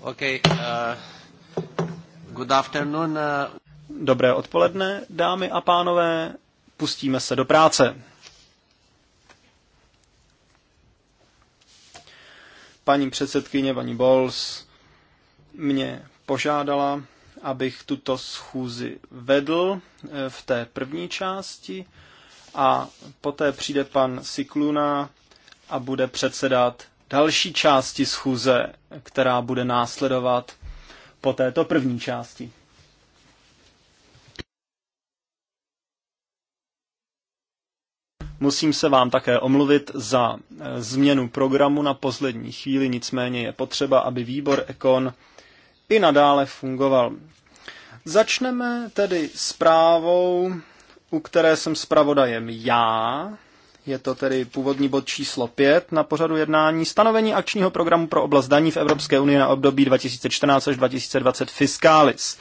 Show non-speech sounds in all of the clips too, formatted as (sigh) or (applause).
Uh, uh. Dobré odpoledne, dámy a pánové, pustíme se do práce. Paní předsedkyně, paní Bols, mě požádala, abych tuto schůzi vedl eh, v té první části a poté přijde pan Sikluna a bude předsedat další části schůze, která bude následovat po této první části. Musím se vám také omluvit za e, změnu programu na poslední chvíli, nicméně je potřeba, aby výbor Ekon i nadále fungoval. Začneme tedy zprávou, u které jsem zpravodajem já, je to tedy původní bod číslo 5 na pořadu jednání stanovení akčního programu pro oblast daní v Evropské unii na období 2014 až 2020 Fiscalis.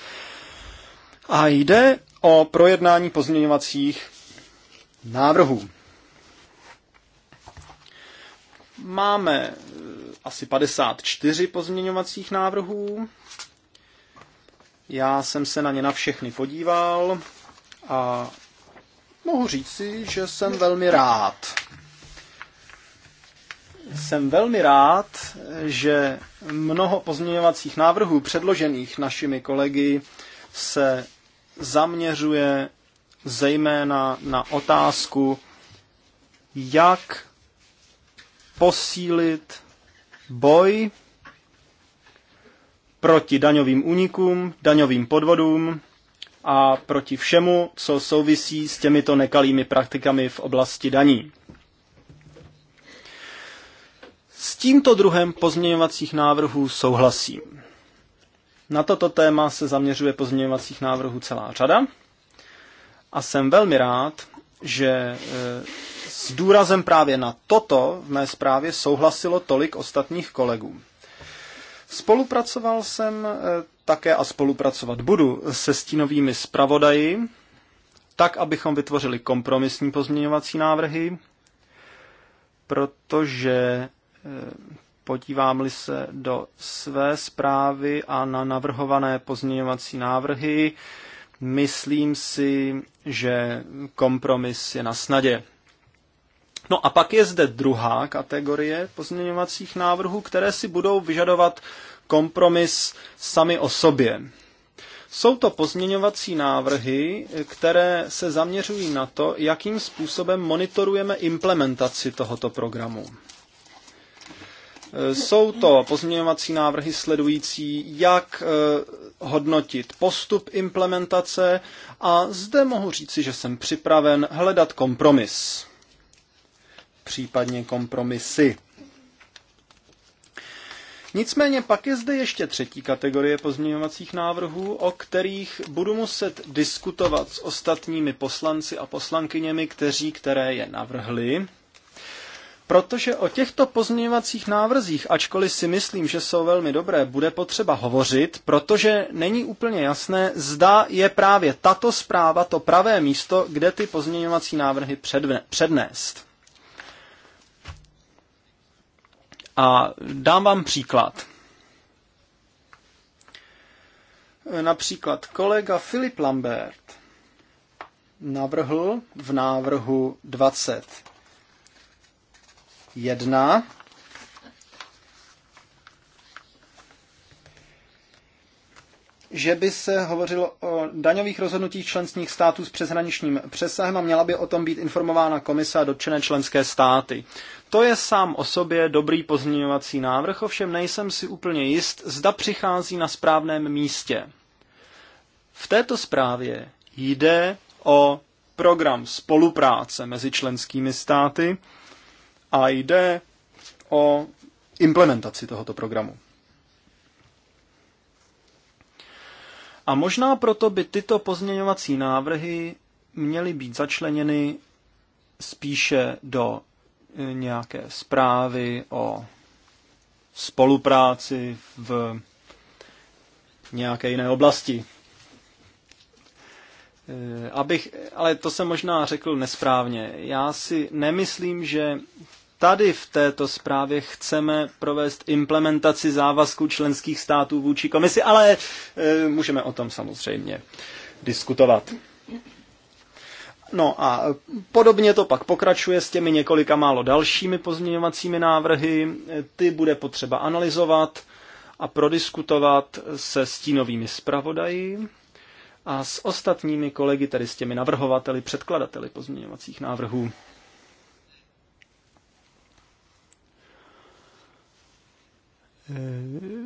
A jde o projednání pozměňovacích návrhů. Máme eh, asi 54 pozměňovacích návrhů. Já jsem se na ně na všechny podíval a mohu říci, že jsem velmi rád. Jsem velmi rád, že mnoho pozměňovacích návrhů předložených našimi kolegy se zaměřuje zejména na otázku, jak posílit boj proti daňovým únikům, daňovým podvodům a proti všemu, co souvisí s těmito nekalými praktikami v oblasti daní. S tímto druhem pozměňovacích návrhů souhlasím. Na toto téma se zaměřuje pozměňovacích návrhů celá řada a jsem velmi rád, že e, s důrazem právě na toto v mé zprávě souhlasilo tolik ostatních kolegů. Spolupracoval jsem eh, také a spolupracovat budu se stínovými zpravodaji, tak, abychom vytvořili kompromisní pozměňovací návrhy, protože eh, podívám-li se do své zprávy a na navrhované pozměňovací návrhy, myslím si, že kompromis je na snadě. No a pak je zde druhá kategorie pozměňovacích návrhů, které si budou vyžadovat kompromis sami o sobě. Jsou to pozměňovací návrhy, které se zaměřují na to, jakým způsobem monitorujeme implementaci tohoto programu. E, jsou to pozměňovací návrhy sledující, jak e, hodnotit postup implementace a zde mohu říci, že jsem připraven hledat kompromis případně kompromisy. Nicméně pak je zde ještě třetí kategorie pozměňovacích návrhů, o kterých budu muset diskutovat s ostatními poslanci a poslankyněmi, kteří které je navrhli, protože o těchto pozměňovacích návrzích, ačkoliv si myslím, že jsou velmi dobré, bude potřeba hovořit, protože není úplně jasné, zda je právě tato zpráva to pravé místo, kde ty pozměňovací návrhy předne- přednést. A dám vám příklad. Například kolega Filip Lambert navrhl v návrhu 21 že by se hovořilo o daňových rozhodnutích členských států s přeshraničním přesahem a měla by o tom být informována komise a dotčené členské státy. To je sám o sobě dobrý pozměňovací návrh, ovšem nejsem si úplně jist, zda přichází na správném místě. V této zprávě jde o program spolupráce mezi členskými státy a jde o implementaci tohoto programu. A možná proto by tyto pozměňovací návrhy měly být začleněny spíše do nějaké zprávy o spolupráci v nějaké jiné oblasti. Eh, abych, ale to jsem možná řekl nesprávně. Já si nemyslím, že tady v této zprávě chceme provést implementaci závazků členských států vůči komisi, ale eh, můžeme o tom samozřejmě diskutovat. No a podobně to pak pokračuje s těmi několika málo dalšími pozměňovacími návrhy. Ty bude potřeba analyzovat a prodiskutovat se stínovými zpravodaji a s ostatními kolegy, tedy s těmi navrhovateli, předkladateli pozměňovacích návrhů.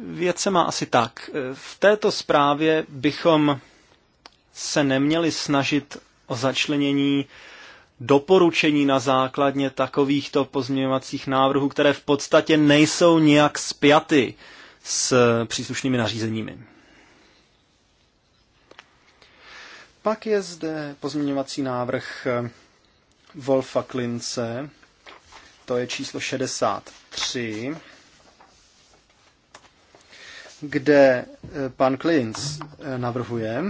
Věc se má asi tak. V této zprávě bychom se neměli snažit o začlenění doporučení na základně takovýchto pozměňovacích návrhů, které v podstatě nejsou nijak spjaty s příslušnými nařízeními. Pak je zde pozměňovací návrh eh, Wolfa Klince, to je číslo 63, kde eh, pan Klinc eh, navrhuje,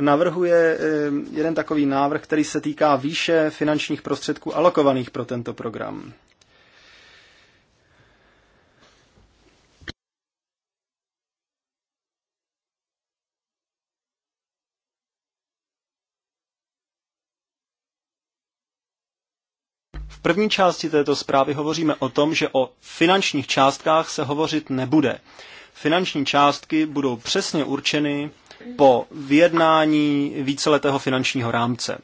navrhuje eh, jeden takový návrh, který se týká výše finančních prostředků alokovaných pro tento program. V první části této zprávy hovoříme o tom, že o finančních částkách se hovořit nebude. Finanční částky budou přesně určeny po vyjednání víceletého finančního rámce.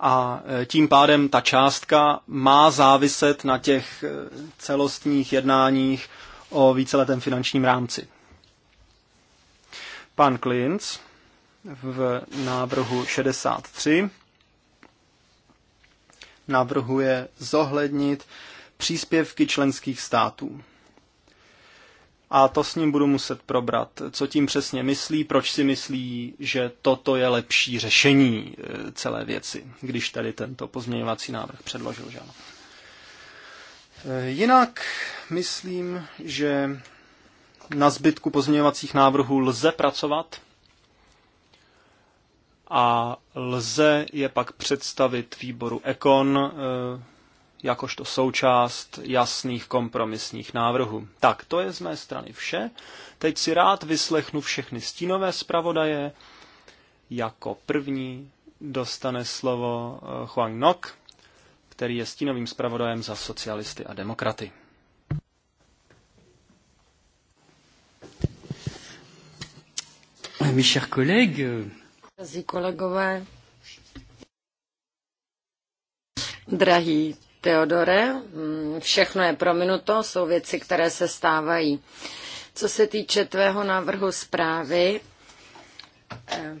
A e, tím pádem ta částka má záviset na těch e, celostních jednáních o víceletém finančním rámci. Pan Klinc v návrhu 63 navrhuje zohlednit příspěvky členských států a to s ním budu muset probrat, co tím přesně myslí, proč si myslí, že toto je lepší řešení eh, celé věci, když tady tento pozměňovací návrh předložil. Že ano. Eh, jinak myslím, že na zbytku pozměňovacích návrhů lze pracovat a lze je pak představit výboru Ekon eh, jakožto součást jasných kompromisních návrhů. Tak, to je z mé strany vše. Teď si rád vyslechnu všechny stínové zpravodaje. Jako první dostane slovo eh, Huang Nok, který je stínovým zpravodajem za socialisty a demokraty. Mes chers collègues, kolegové, Teodore, mm, všechno je prominuto, jsou věci, které se stávají. Co se týče tvého návrhu zprávy, eh,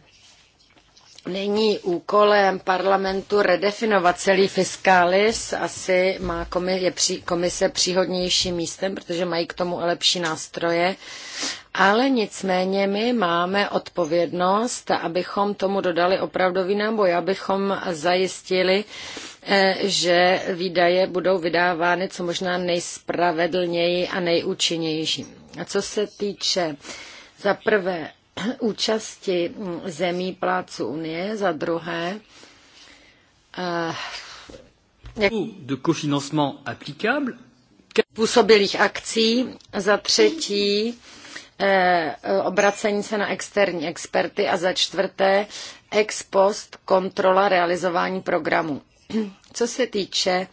Není úkolem parlamentu redefinovat celý fiskális, asi má komise, je při komise příhodnějším místem, protože mají k tomu lepší nástroje, ale nicméně my máme odpovědnost, abychom tomu dodali opravdový náboj, abychom zajistili, eh, že výdaje budou vydávány co možná nejspravedlněji a nejúčinnější. A co se týče za prvé (clears throat) účasti zemí pláců Unie, za druhé, eh, jak... de cofinancement applicable, působilých akcí, za třetí, eh, obracení se na externí experty a za čtvrté ex post kontrola realizování programu. (clears throat) Co se týče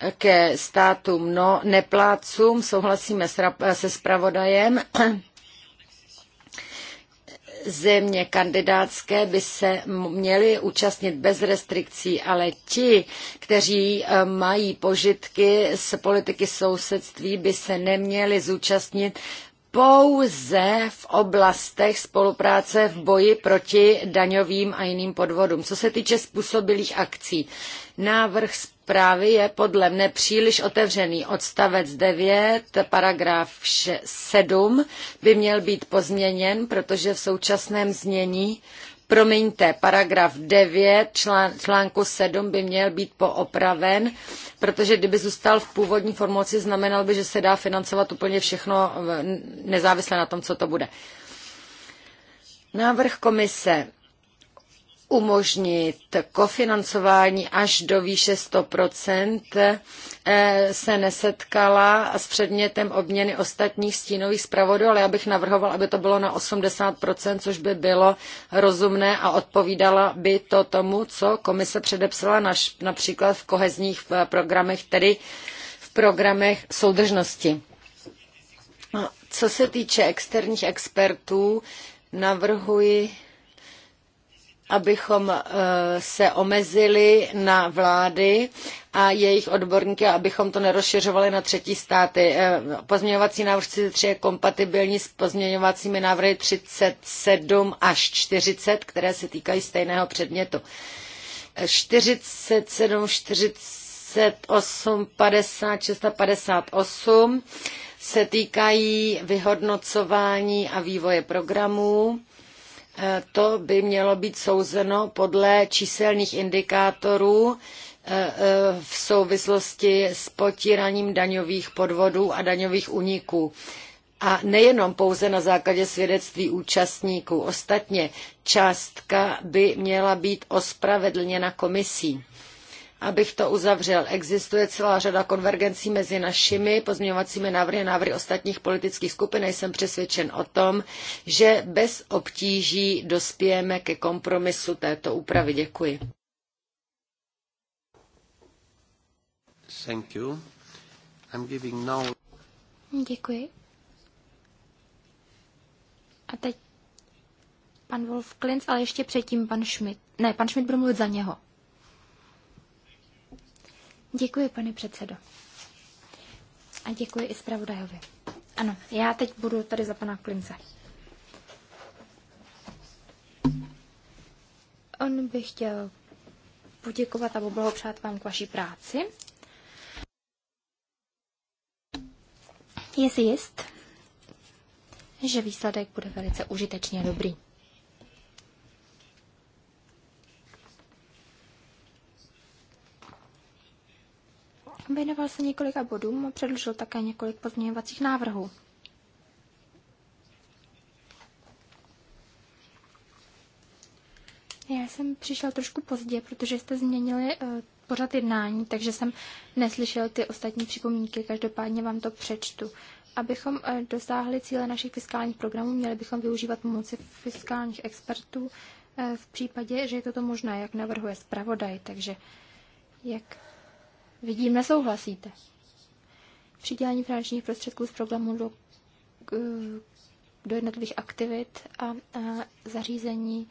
eh, ke státům no, neplácům, souhlasíme se spravodajem země kandidátské by se měly účastnit bez restrikcí, ale ti, kteří eh, mají požitky z politiky sousedství, by se neměli zúčastnit pouze v oblastech spolupráce v boji proti daňovým a jiným podvodům. Co se týče způsobilých akcí, návrh zprávy je podle mne příliš otevřený. Odstavec 9, paragraf 7 by měl být pozměněn, protože v současném znění Promiňte, paragraf 9 člán, článku 7 by měl být poopraven, protože kdyby zůstal v původní formulaci, znamenal by, že se dá financovat úplně všechno eh, nezávisle na tom, co to bude. Návrh komise umožnit kofinancování až do výše 100%, eh, se nesetkala s předmětem obměny ostatních stínových zpravodů, ale já bych navrhoval, aby to bylo na 80%, což by bylo rozumné a odpovídala by to tomu, co komise předepsala naš, například v kohezních programech, tedy v programech soudržnosti. Co se týče externích expertů, navrhuji abychom eh, se omezili na vlády a jejich odborníky, abychom to nerozšiřovali na třetí státy. Eh, pozměňovací návrh 33 je kompatibilní s pozměňovacími návrhy 37 až 40, které se týkají stejného předmětu. 47, 48, 56 a 58 se týkají vyhodnocování a vývoje programů to by mělo být souzeno podle číselných indikátorů eh, eh, v souvislosti s potíraním daňových podvodů a daňových úniků. A nejenom pouze na základě svědectví účastníků. Ostatně částka by měla být ospravedlněna komisí. Abych to uzavřel, existuje celá řada konvergencí mezi našimi pozměňovacími návrhy a návrhy ostatních politických skupin. Jsem přesvědčen o tom, že bez obtíží dospějeme ke kompromisu této úpravy. Děkuji. Thank you. I'm giving now... Děkuji. A teď pan Wolf Klinz, ale ještě předtím pan Schmidt. Ne, pan Schmidt bude mluvit za něho. Děkuji, pane předsedo. A děkuji i zpravodajovi. Ano, já teď budu tady za pana Klince. On by chtěl poděkovat a poblahopřát vám k vaší práci. Je si jist, že výsledek bude velice užitečně dobrý. Věnoval se několika bodům a předložil také několik pozměňovacích návrhů. Já jsem přišel trošku pozdě, protože jste změnili uh, pořad jednání, takže jsem neslyšel ty ostatní připomínky, každopádně vám to přečtu. Abychom uh, dosáhli cíle našich fiskálních programů, měli bychom využívat pomoci fiskálních expertů uh, v případě, že je toto možné, jak navrhuje zpravodaj. Takže jak Vidím, nesouhlasíte. Přidělení finančních prostředků z programu do, do jednotlivých aktivit a, a zařízení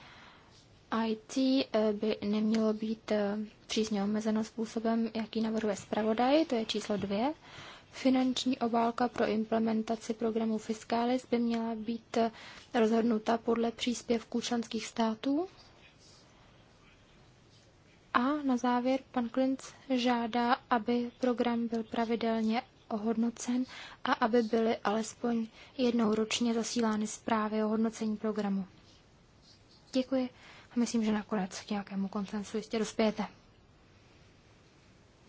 IT eh, by nemělo být eh, přísně omezeno způsobem, jaký navrhuje zpravodaj, to je číslo dvě. Finanční obálka pro implementaci programu Fiscalis by měla být eh, rozhodnuta podle příspěvků členských států. A na závěr pan Klinc žádá, aby program byl pravidelně ohodnocen a aby byly alespoň jednou ročně zasílány zprávy o hodnocení programu. Děkuji a myslím, že nakonec k nějakému koncensu jistě dospějete.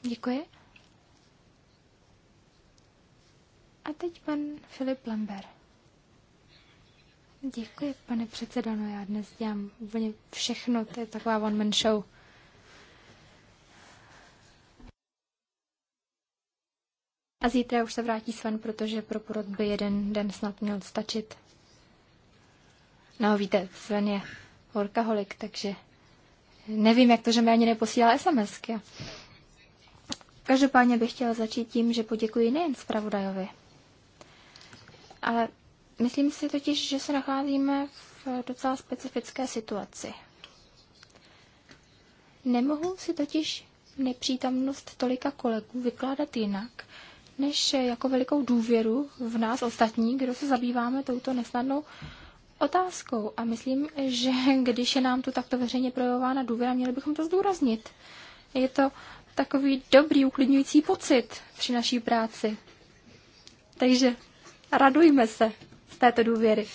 Děkuji. A teď pan Filip Lamber. Děkuji, pane předsedano, já dnes dělám úplně všechno, to je taková one-man show. A zítra už se vrátí Sven, protože pro porod by jeden den snad měl stačit. No víte, Sven je horkaholik, takže nevím, jak to, že mi ani neposílá SMSky. Každopádně bych chtěla začít tím, že poděkuji nejen zpravodajovi, ale myslím si totiž, že se nacházíme v docela specifické situaci. Nemohu si totiž nepřítomnost tolika kolegů vykládat jinak, než jako velikou důvěru v nás ostatní, kdo se zabýváme touto nesnadnou otázkou. A myslím, že když je nám tu takto veřejně projevována důvěra, měli bychom to zdůraznit. Je to takový dobrý, uklidňující pocit při naší práci. Takže radujme se z této důvěry.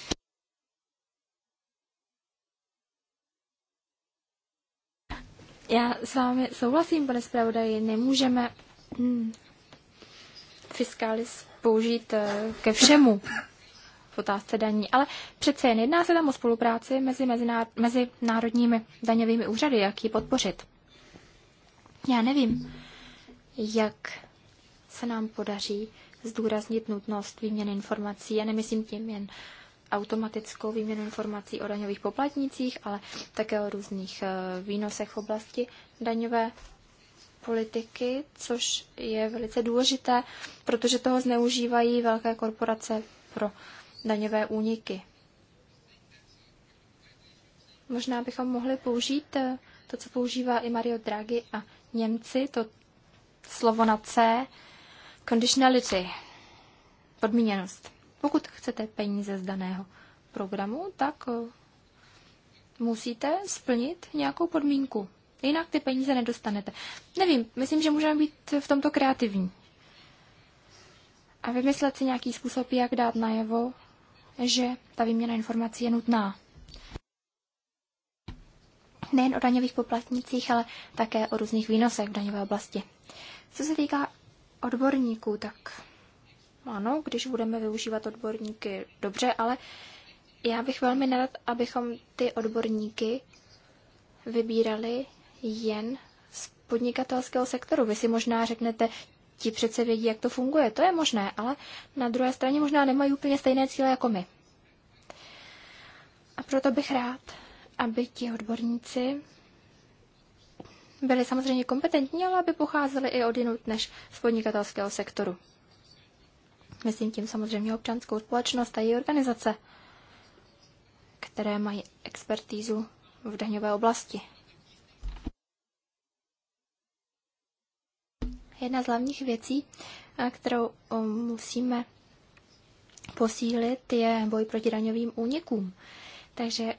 Já s vámi souhlasím, pane zpravodaji, nemůžeme hm, fiskalis použít eh, ke všemu v otázce daní. Ale přece jen jedná se tam o spolupráci mezi, mezi národními daňovými úřady, jak ji podpořit. Já nevím, jak se nám podaří zdůraznit nutnost výměny informací. Já nemyslím tím jen automatickou výměnu informací o daňových poplatnících, ale také o různých eh, výnosech v oblasti daňové politiky, což je velice důležité, protože toho zneužívají velké korporace pro daňové úniky. Možná bychom mohli použít eh, to, co používá i Mario Draghi a Němci, to slovo na C, conditionality, podmíněnost. Pokud chcete peníze z daného programu, tak eh, musíte splnit nějakou podmínku. Jinak ty peníze nedostanete. Nevím, myslím, že můžeme být v tomto kreativní. A vymyslet si nějaký způsob, jak dát najevo, že ta výměna informací je nutná. Nejen o daňových poplatnicích, ale také o různých výnosech v daňové oblasti. Co se týká odborníků, tak ano, když budeme využívat odborníky, dobře, ale já bych velmi nerad, abychom ty odborníky vybírali jen z podnikatelského sektoru. Vy si možná řeknete, ti přece vědí, jak to funguje. To je možné, ale na druhé straně možná nemají úplně stejné cíle jako my. A proto bych rád, aby ti odborníci byli samozřejmě kompetentní, ale aby pocházeli i jinut než z podnikatelského sektoru. Myslím tím samozřejmě občanskou společnost a její organizace, které mají expertízu v daňové oblasti. Jedna z hlavních věcí, eh, kterou um, musíme posílit, je boj proti daňovým únikům. Takže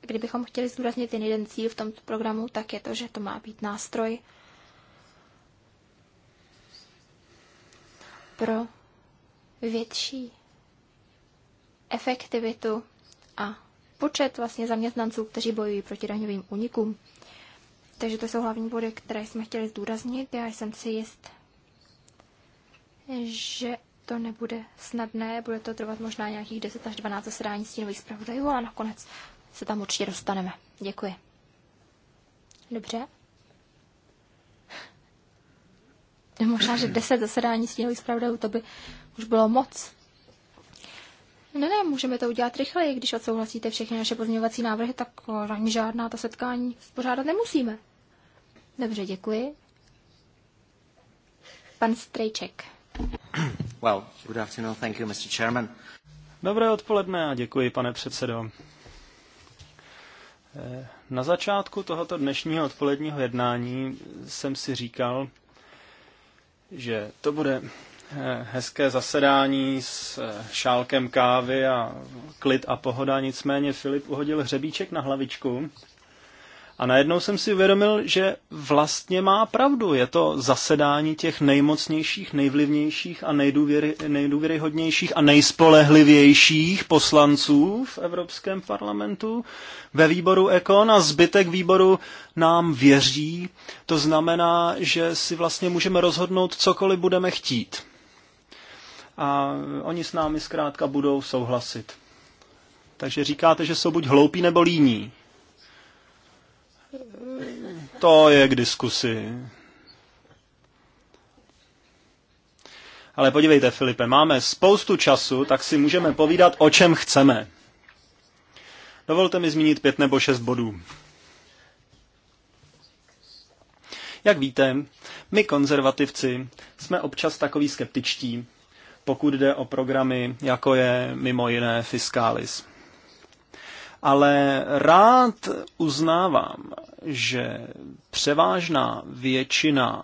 kdybychom chtěli zdůraznit jen jeden cíl v tomto programu, tak je to, že to má být nástroj pro větší efektivitu a počet vlastně zaměstnanců, kteří bojují proti daňovým únikům. Takže to jsou hlavní body, které jsme chtěli zdůraznit. Já jsem si jist, že to nebude snadné, bude to trvat možná nějakých 10 až 12 zasedání stínových zpravodajů, a nakonec se tam určitě dostaneme. Děkuji. Dobře. Možná, že 10 zasedání stínových zpravodajů, to by už bylo moc. Ne, ne, můžeme to udělat rychleji, když odsouhlasíte všechny naše pozměňovací návrhy, tak ani žádná ta setkání pořádat nemusíme. Dobře, děkuji. Pan Strejček. Well, good afternoon, thank you, Mr. Chairman. Dobré odpoledne a děkuji, pane předsedo. Na začátku tohoto dnešního odpoledního jednání jsem si říkal, že to bude Eh, hezké zasedání s eh, šálkem kávy a klid a pohoda, nicméně Filip uhodil hřebíček na hlavičku a najednou jsem si uvědomil, že vlastně má pravdu. Je to zasedání těch nejmocnějších, nejvlivnějších a nejdůvěry, nejdůvěryhodnějších a nejspolehlivějších poslanců v Evropském parlamentu ve výboru Ekon a zbytek výboru nám věří. To znamená, že si vlastně můžeme rozhodnout, cokoliv budeme chtít a oni s námi zkrátka budou souhlasit. Takže říkáte, že jsou buď hloupí nebo líní. To je k diskusi. Ale podívejte, Filipe, máme spoustu času, tak si můžeme povídat, o čem chceme. Dovolte mi zmínit pět nebo šest bodů. Jak víte, my konzervativci jsme občas takový skeptičtí pokud jde o programy, jako je mimo jiné Fiscalis. Ale rád uznávám, že převážná většina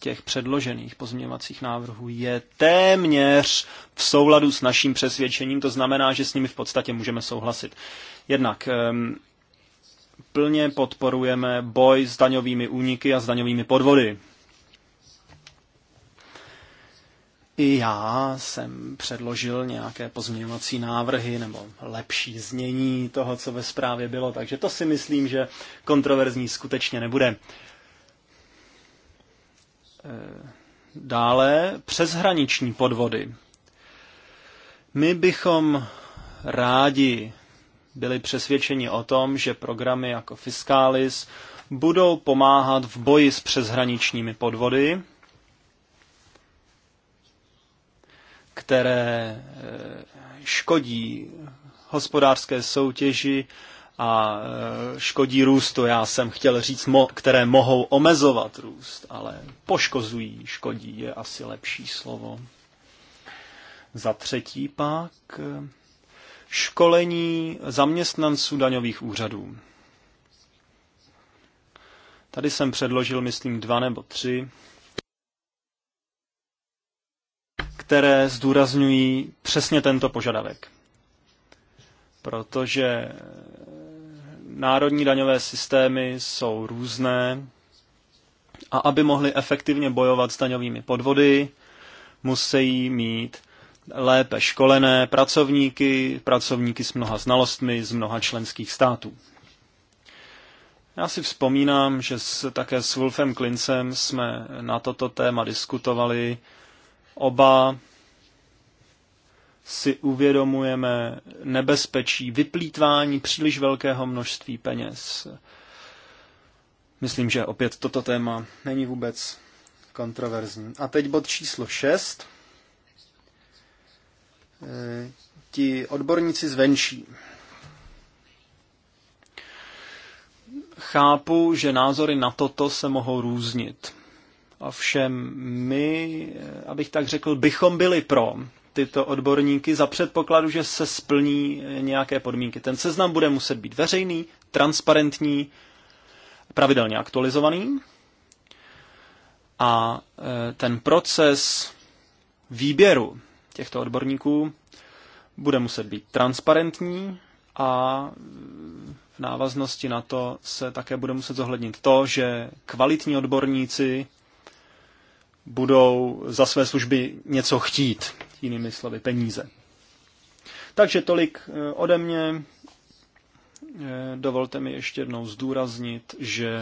těch předložených pozměňovacích návrhů je téměř v souladu s naším přesvědčením, to znamená, že s nimi v podstatě můžeme souhlasit. Jednak ehm, plně podporujeme boj s daňovými úniky a s daňovými podvody. I já jsem předložil nějaké pozměňovací návrhy nebo lepší znění toho, co ve zprávě bylo, takže to si myslím, že kontroverzní skutečně nebude. E, dále přeshraniční podvody. My bychom rádi byli přesvědčeni o tom, že programy jako Fiscalis budou pomáhat v boji s přeshraničními podvody, které eh, škodí hospodářské soutěži a eh, škodí růstu. Já jsem chtěl říct, mo, které mohou omezovat růst, ale poškozují, škodí je asi lepší slovo. Za třetí pak eh, školení zaměstnanců daňových úřadů. Tady jsem předložil, myslím, dva nebo tři které zdůrazňují přesně tento požadavek. Protože národní daňové systémy jsou různé a aby mohly efektivně bojovat s daňovými podvody, musí mít lépe školené pracovníky, pracovníky s mnoha znalostmi z mnoha členských států. Já si vzpomínám, že s, také s Wolfem Klincem jsme na toto téma diskutovali Oba si uvědomujeme nebezpečí vyplýtvání příliš velkého množství peněz. Myslím, že opět toto téma není vůbec kontroverzní. A teď bod číslo 6. E, ti odborníci zvenčí. Chápu, že názory na toto se mohou různit. Ovšem my, eh, abych tak řekl, bychom byli pro tyto odborníky za předpokladu, že se splní eh, nějaké podmínky. Ten seznam bude muset být veřejný, transparentní, pravidelně aktualizovaný a eh, ten proces výběru těchto odborníků bude muset být transparentní a v návaznosti na to se také bude muset zohlednit to, že kvalitní odborníci budou za své služby něco chtít, jinými slovy peníze. Takže tolik eh, ode mě. Eh, dovolte mi ještě jednou zdůraznit, že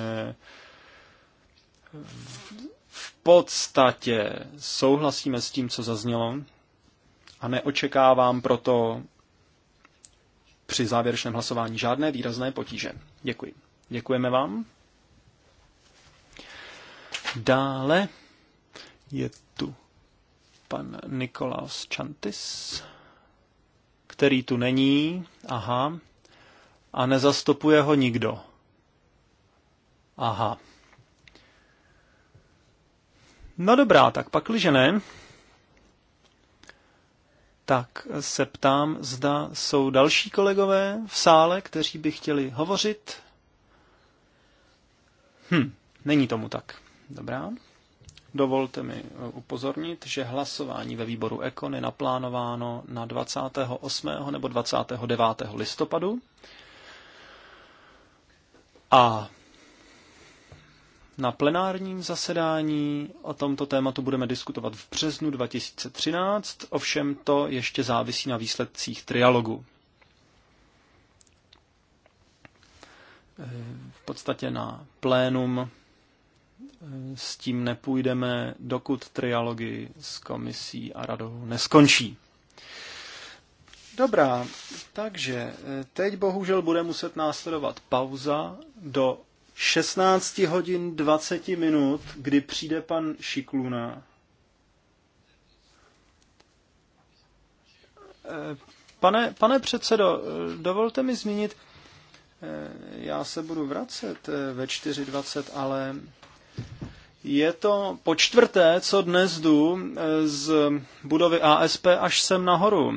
v podstatě souhlasíme s tím, co zaznělo a neočekávám proto při závěrečném hlasování žádné výrazné potíže. Děkuji. Děkujeme vám. Dále je tu pan Nikolaus Chantis, který tu není, aha, a nezastupuje ho nikdo. Aha. No dobrá, tak pakliže ne, tak se ptám, zda jsou další kolegové v sále, kteří by chtěli hovořit. Hm, není tomu tak. Dobrá. Dovolte mi eh, upozornit, že hlasování ve výboru Ekon je naplánováno na 28. nebo 29. listopadu. A na plenárním zasedání o tomto tématu budeme diskutovat v březnu 2013, ovšem to ještě závisí na výsledcích trialogu. Eh, v podstatě na plénum s tím nepůjdeme, dokud trialogy s komisí a radou neskončí. Dobrá, takže eh, teď bohužel bude muset následovat pauza do 16 hodin 20 minut, kdy přijde pan Šikluna. Eh, pane, pane předsedo, eh, dovolte mi zmínit, já se budu vracet ve 4.20, ale je to po čtvrté, co dnes jdu eh, z budovy ASP až sem nahoru.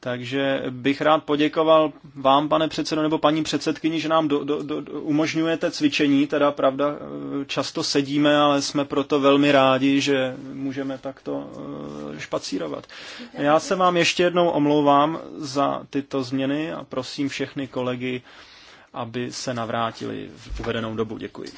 Takže bych rád poděkoval vám, pane předsedo, nebo paní předsedkyni, že nám do, do, do, umožňujete cvičení. Teda pravda, eh, často sedíme, ale jsme proto velmi rádi, že můžeme takto eh, špacírovat. Já se vám ještě jednou omlouvám za tyto změny a prosím všechny kolegy, aby se navrátili v uvedenou dobu. Děkuji.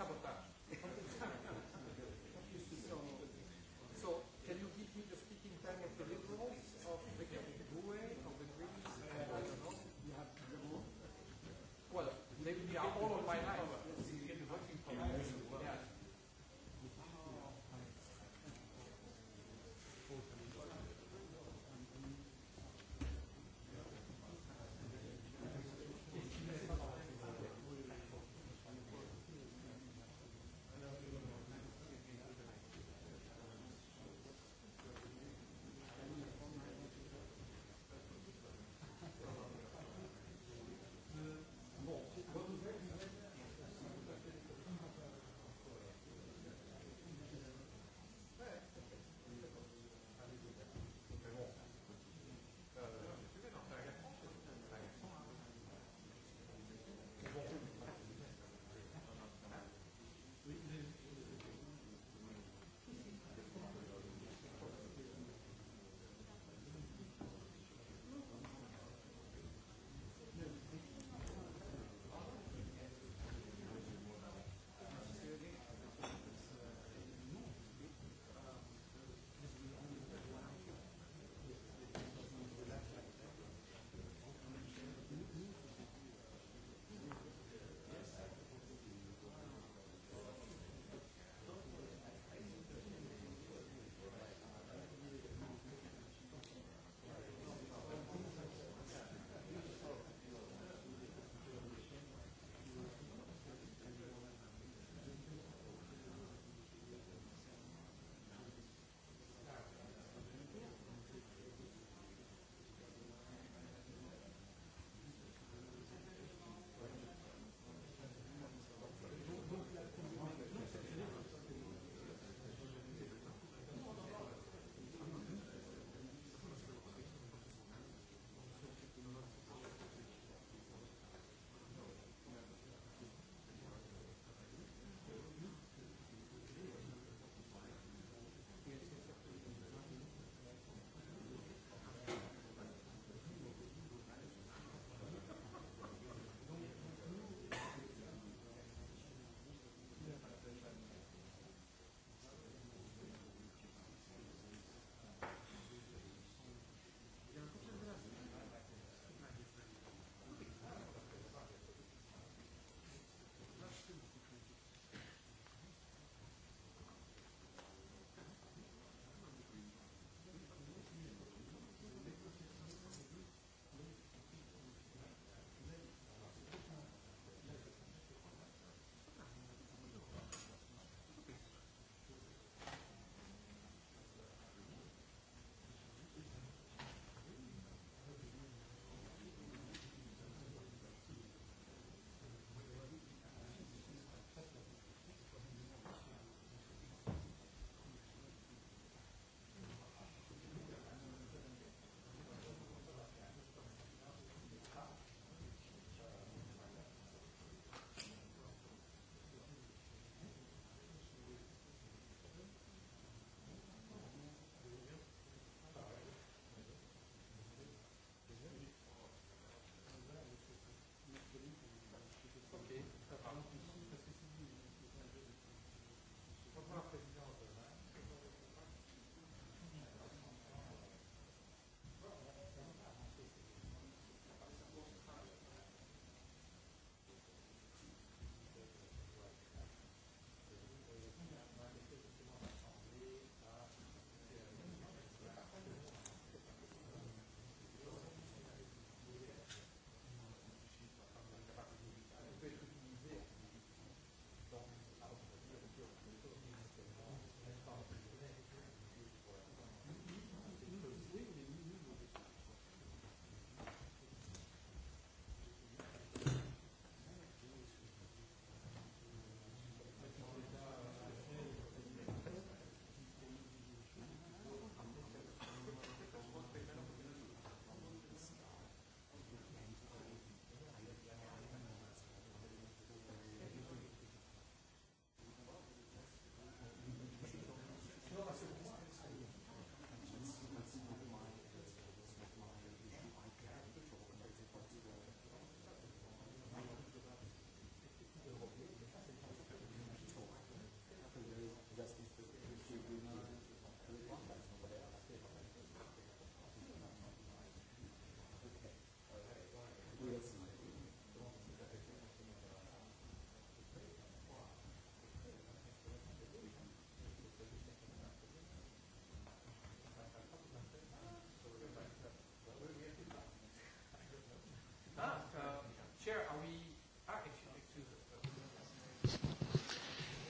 sabotáž.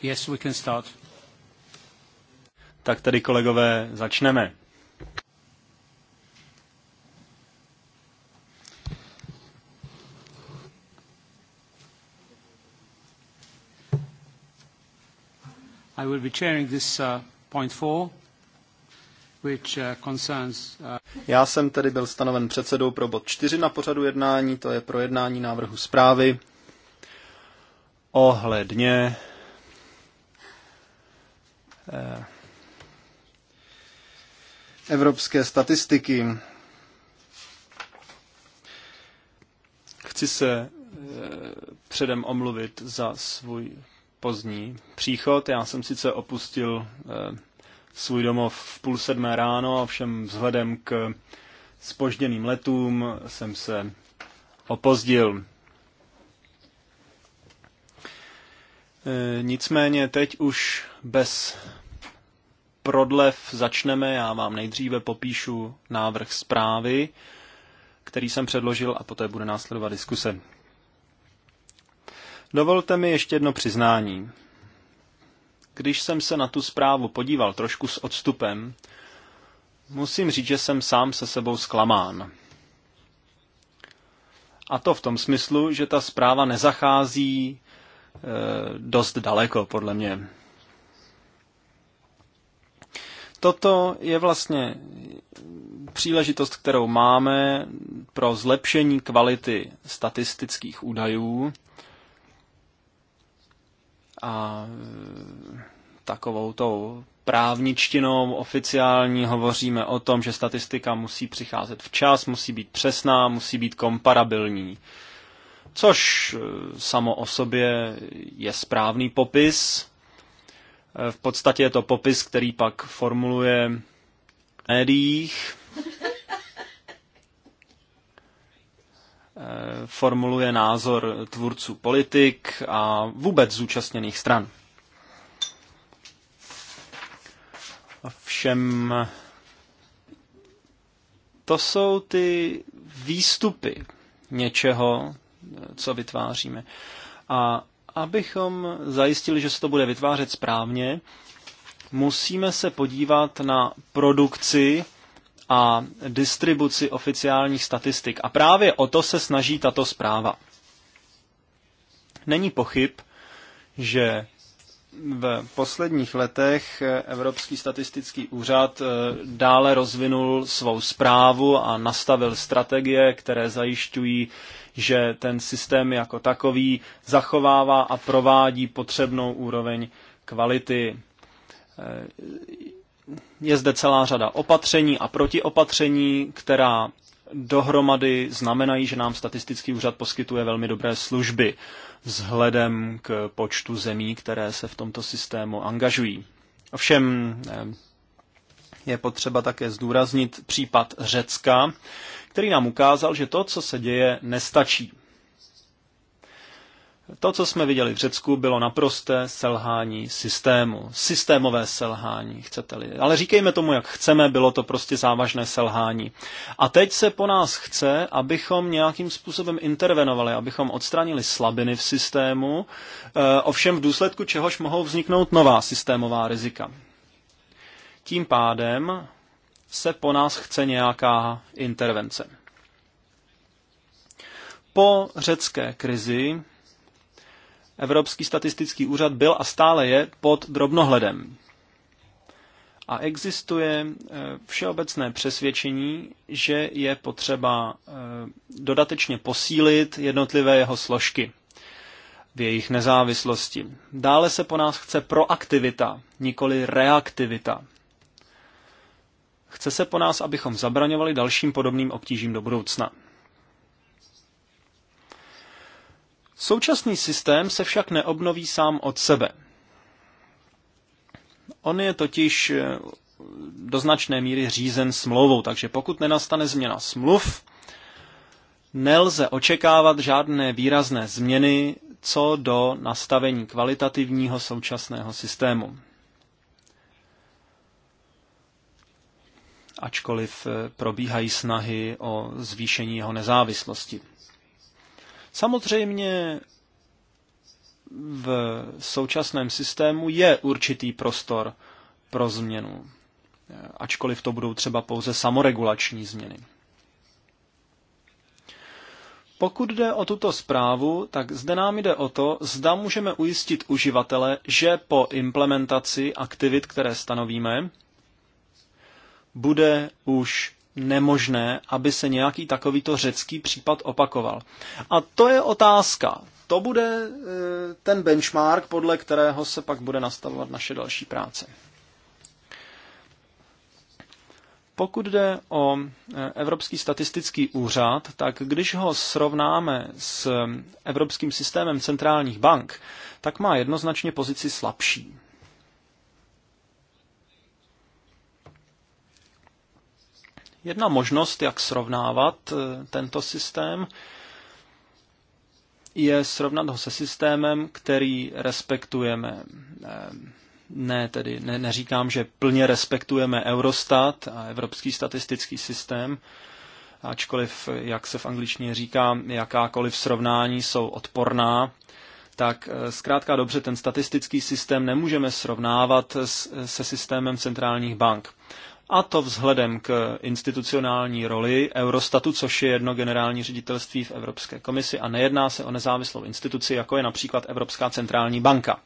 Yes, we can start. Tak tedy, kolegové, začneme. I will be chairing this uh, point four, which uh, concerns. Uh... Já jsem tedy byl stanoven předsedou pro bod 4 na pořadu jednání, to je projednání návrhu zprávy ohledně evropské statistiky. Chci se eh, předem omluvit za svůj pozdní příchod. Já jsem sice opustil eh, svůj domov v půl sedmé ráno, ovšem vzhledem k spožděným letům jsem se opozdil. Eh, nicméně teď už bez prodlev začneme. Já vám nejdříve popíšu návrh zprávy, který jsem předložil a poté bude následovat diskuse. Dovolte mi ještě jedno přiznání. Když jsem se na tu zprávu podíval trošku s odstupem, musím říct, že jsem sám se sebou zklamán. A to v tom smyslu, že ta zpráva nezachází e, dost daleko, podle mě. Toto je vlastně příležitost, kterou máme pro zlepšení kvality statistických údajů a e, takovou tou právničtinou oficiální hovoříme o tom, že statistika musí přicházet včas, musí být přesná, musí být komparabilní. Což e, samo o sobě je správný popis, v podstatě je to popis, který pak formuluje v médiích, eh, formuluje názor tvůrců politik a vůbec zúčastněných stran. Všem to jsou ty výstupy něčeho, co vytváříme. A abychom zajistili, že se to bude vytvářet správně, musíme se podívat na produkci a distribuci oficiálních statistik. A právě o to se snaží tato zpráva. Není pochyb, že v posledních letech Evropský statistický úřad eh, dále rozvinul svou zprávu a nastavil strategie, které zajišťují že ten systém jako takový zachovává a provádí potřebnou úroveň kvality. E, je zde celá řada opatření a protiopatření, která dohromady znamenají, že nám statistický úřad poskytuje velmi dobré služby vzhledem k počtu zemí, které se v tomto systému angažují. Ovšem e, je potřeba také zdůraznit případ Řecka, který nám ukázal, že to, co se děje, nestačí. To, co jsme viděli v Řecku, bylo naprosté selhání systému. Systémové selhání, chcete-li. Ale říkejme tomu, jak chceme, bylo to prostě závažné selhání. A teď se po nás chce, abychom nějakým způsobem intervenovali, abychom odstranili slabiny v systému, eh, ovšem v důsledku čehož mohou vzniknout nová systémová rizika. Tím pádem se po nás chce nějaká intervence. Po řecké krizi Evropský statistický úřad byl a stále je pod drobnohledem. A existuje eh, všeobecné přesvědčení, že je potřeba eh, dodatečně posílit jednotlivé jeho složky v jejich nezávislosti. Dále se po nás chce proaktivita, nikoli reaktivita. Chce se po nás, abychom zabraňovali dalším podobným obtížím do budoucna. Současný systém se však neobnoví sám od sebe. On je totiž eh, do značné míry řízen smlouvou, takže pokud nenastane změna smluv, nelze očekávat žádné výrazné změny co do nastavení kvalitativního současného systému. ačkoliv eh, probíhají snahy o zvýšení jeho nezávislosti. Samozřejmě v současném systému je určitý prostor pro změnu, eh, ačkoliv to budou třeba pouze samoregulační změny. Pokud jde o tuto zprávu, tak zde nám jde o to, zda můžeme ujistit uživatele, že po implementaci aktivit, které stanovíme, bude už nemožné, aby se nějaký takovýto řecký případ opakoval. A to je otázka. To bude eh, ten benchmark, podle kterého se pak bude nastavovat naše další práce. Pokud jde o eh, Evropský statistický úřad, tak když ho srovnáme s eh, Evropským systémem centrálních bank, tak má jednoznačně pozici slabší. Jedna možnost, jak srovnávat eh, tento systém, je srovnat ho se systémem, který respektujeme. Eh, ne, tedy ne, neříkám, že plně respektujeme Eurostat a Evropský statistický systém, ačkoliv, jak se v angličtině říká, jakákoliv srovnání jsou odporná, tak eh, zkrátka dobře ten statistický systém nemůžeme srovnávat se systémem centrálních bank a to vzhledem k institucionální roli Eurostatu, což je jedno generální ředitelství v Evropské komisi a nejedná se o nezávislou instituci, jako je například Evropská centrální banka.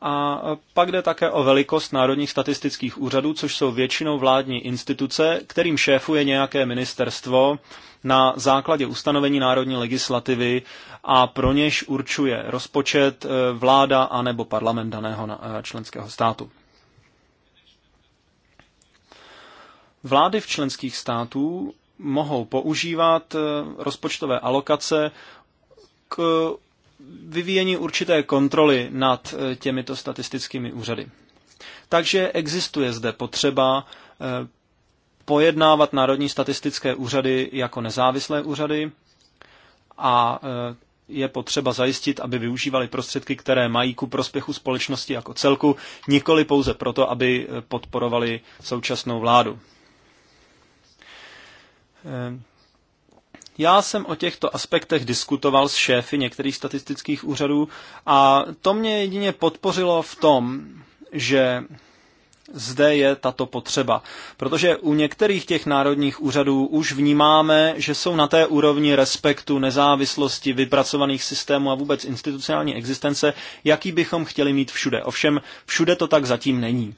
A pak jde také o velikost národních statistických úřadů, což jsou většinou vládní instituce, kterým šéfuje nějaké ministerstvo na základě ustanovení národní legislativy a pro něž určuje rozpočet eh, vláda anebo parlament daného eh, členského státu. Vlády v členských států mohou používat eh, rozpočtové alokace k vyvíjení určité kontroly nad eh, těmito statistickými úřady. Takže existuje zde potřeba eh, pojednávat národní statistické úřady jako nezávislé úřady a je potřeba zajistit, aby využívali prostředky, které mají ku prospěchu společnosti jako celku, nikoli pouze proto, aby podporovali současnou vládu. Eh, já jsem o těchto aspektech diskutoval s šéfy některých statistických úřadů a to mě jedině podpořilo v tom, že zde je tato potřeba. Protože u některých těch národních úřadů už vnímáme, že jsou na té úrovni respektu, nezávislosti, vypracovaných systémů a vůbec institucionální existence, jaký bychom chtěli mít všude. Ovšem všude to tak zatím není.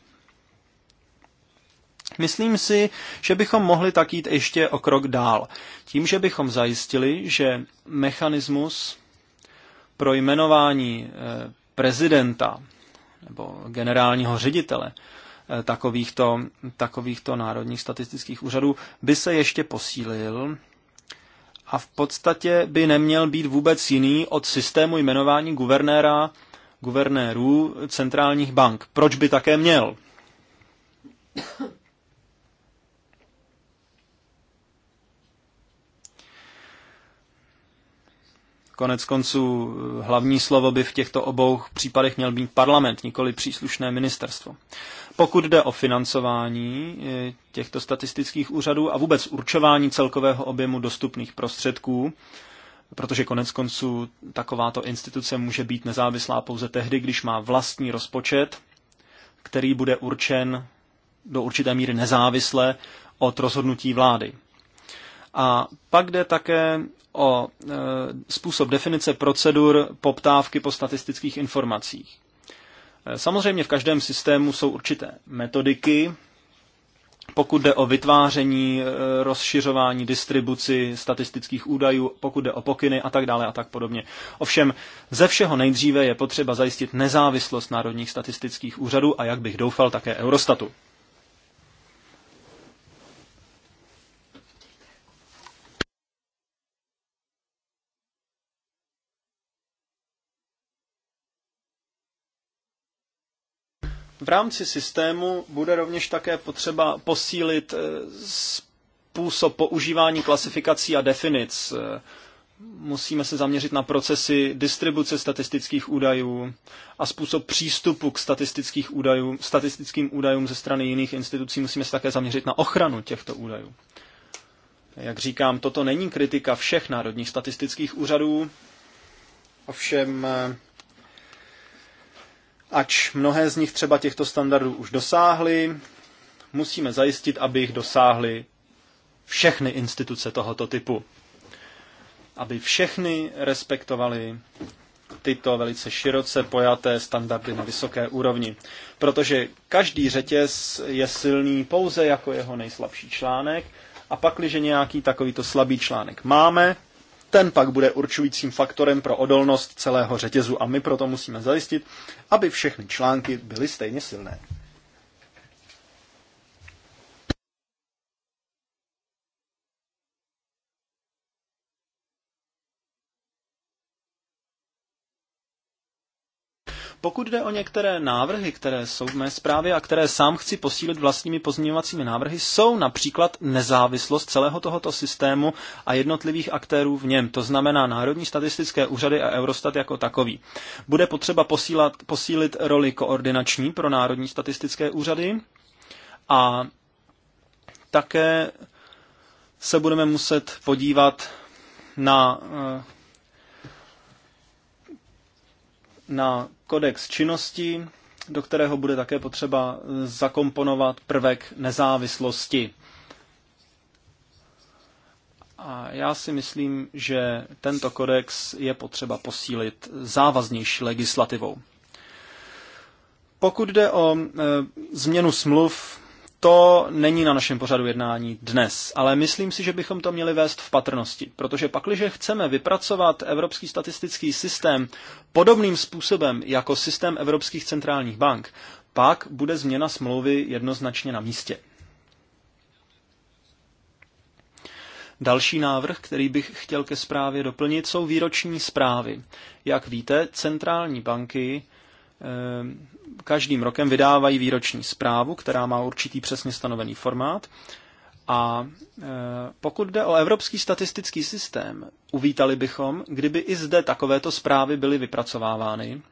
Myslím si, že bychom mohli tak jít ještě o krok dál. Tím, že bychom zajistili, že mechanismus pro jmenování eh, prezidenta nebo generálního ředitele eh, takovýchto, takovýchto národních statistických úřadů by se ještě posílil a v podstatě by neměl být vůbec jiný od systému jmenování guvernéra, guvernérů centrálních bank. Proč by také měl? Konec konců hlavní slovo by v těchto obou případech měl být parlament, nikoli příslušné ministerstvo. Pokud jde o financování eh, těchto statistických úřadů a vůbec určování celkového objemu dostupných prostředků, protože konec konců takováto instituce může být nezávislá pouze tehdy, když má vlastní rozpočet, který bude určen do určité míry nezávisle od rozhodnutí vlády. A pak jde také o e, způsob definice procedur poptávky po statistických informacích. E, samozřejmě v každém systému jsou určité metodiky, pokud jde o vytváření, e, rozšiřování, distribuci statistických údajů, pokud jde o pokyny a tak dále a tak podobně. Ovšem, ze všeho nejdříve je potřeba zajistit nezávislost národních statistických úřadů a jak bych doufal také Eurostatu. V rámci systému bude rovněž také potřeba posílit eh, způsob používání klasifikací a definic. Eh, musíme se zaměřit na procesy distribuce statistických údajů a způsob přístupu k statistických údajů, statistickým údajům ze strany jiných institucí. Musíme se také zaměřit na ochranu těchto údajů. Jak říkám, toto není kritika všech národních statistických úřadů, ovšem eh, Ač mnohé z nich třeba těchto standardů už dosáhly, musíme zajistit, aby jich dosáhly všechny instituce tohoto typu. Aby všechny respektovaly tyto velice široce pojaté standardy na vysoké úrovni. Protože každý řetěz je silný pouze jako jeho nejslabší článek a pakliže nějaký takovýto slabý článek máme, ten pak bude určujícím faktorem pro odolnost celého řetězu a my proto musíme zajistit, aby všechny články byly stejně silné. Pokud jde o některé návrhy, které jsou v mé zprávě a které sám chci posílit vlastními pozměňovacími návrhy, jsou například nezávislost celého tohoto systému a jednotlivých aktérů v něm, to znamená Národní statistické úřady a Eurostat jako takový. Bude potřeba posílat, posílit roli koordinační pro Národní statistické úřady a také se budeme muset podívat na eh, na kodex činností, do kterého bude také potřeba eh, zakomponovat prvek nezávislosti. A já si myslím, že tento kodex je potřeba posílit závaznější legislativou. Pokud jde o e, změnu smluv to není na našem pořadu jednání dnes, ale myslím si, že bychom to měli vést v patrnosti, protože pakliže chceme vypracovat evropský statistický systém podobným způsobem jako systém evropských centrálních bank, pak bude změna smlouvy jednoznačně na místě. Další návrh, který bych chtěl ke zprávě doplnit, jsou výroční zprávy. Jak víte, centrální banky ehm, každým rokem vydávají výroční zprávu, která má určitý přesně stanovený formát. A e, pokud jde o evropský statistický systém, uvítali bychom, kdyby i zde takovéto zprávy byly vypracovávány,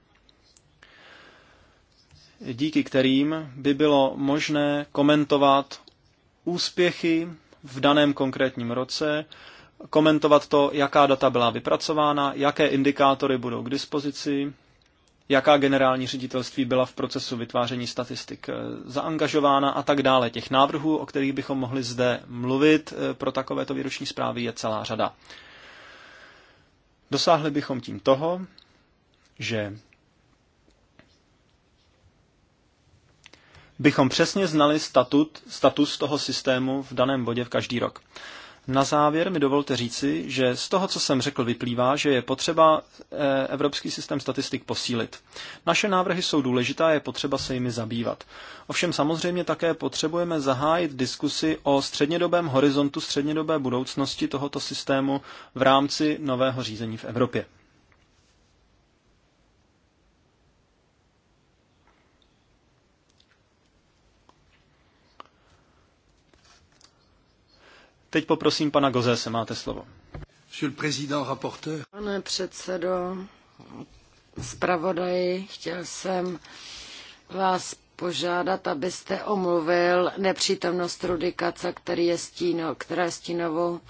díky kterým by bylo možné komentovat úspěchy v daném konkrétním roce, komentovat to, jaká data byla vypracována, jaké indikátory budou k dispozici, jaká generální ředitelství byla v procesu vytváření statistik eh, zaangažována a tak dále. Těch návrhů, o kterých bychom mohli zde mluvit eh, pro takovéto výroční zprávy, je celá řada. Dosáhli bychom tím toho, že bychom přesně znali statut, status toho systému v daném bodě v každý rok. Na závěr mi dovolte říci, že z toho, co jsem řekl, vyplývá, že je potřeba eh, evropský systém statistik posílit. Naše návrhy jsou důležité a je potřeba se jimi zabývat. Ovšem samozřejmě také potřebujeme zahájit diskusy o střednědobém horizontu střednědobé budoucnosti tohoto systému v rámci nového řízení v Evropě. Teď poprosím pana Gozese, máte slovo. Pane předsedo, zpravodaji, chtěl jsem vás požádat, abyste omluvil nepřítomnost Rudy který je stíno, která je stínovou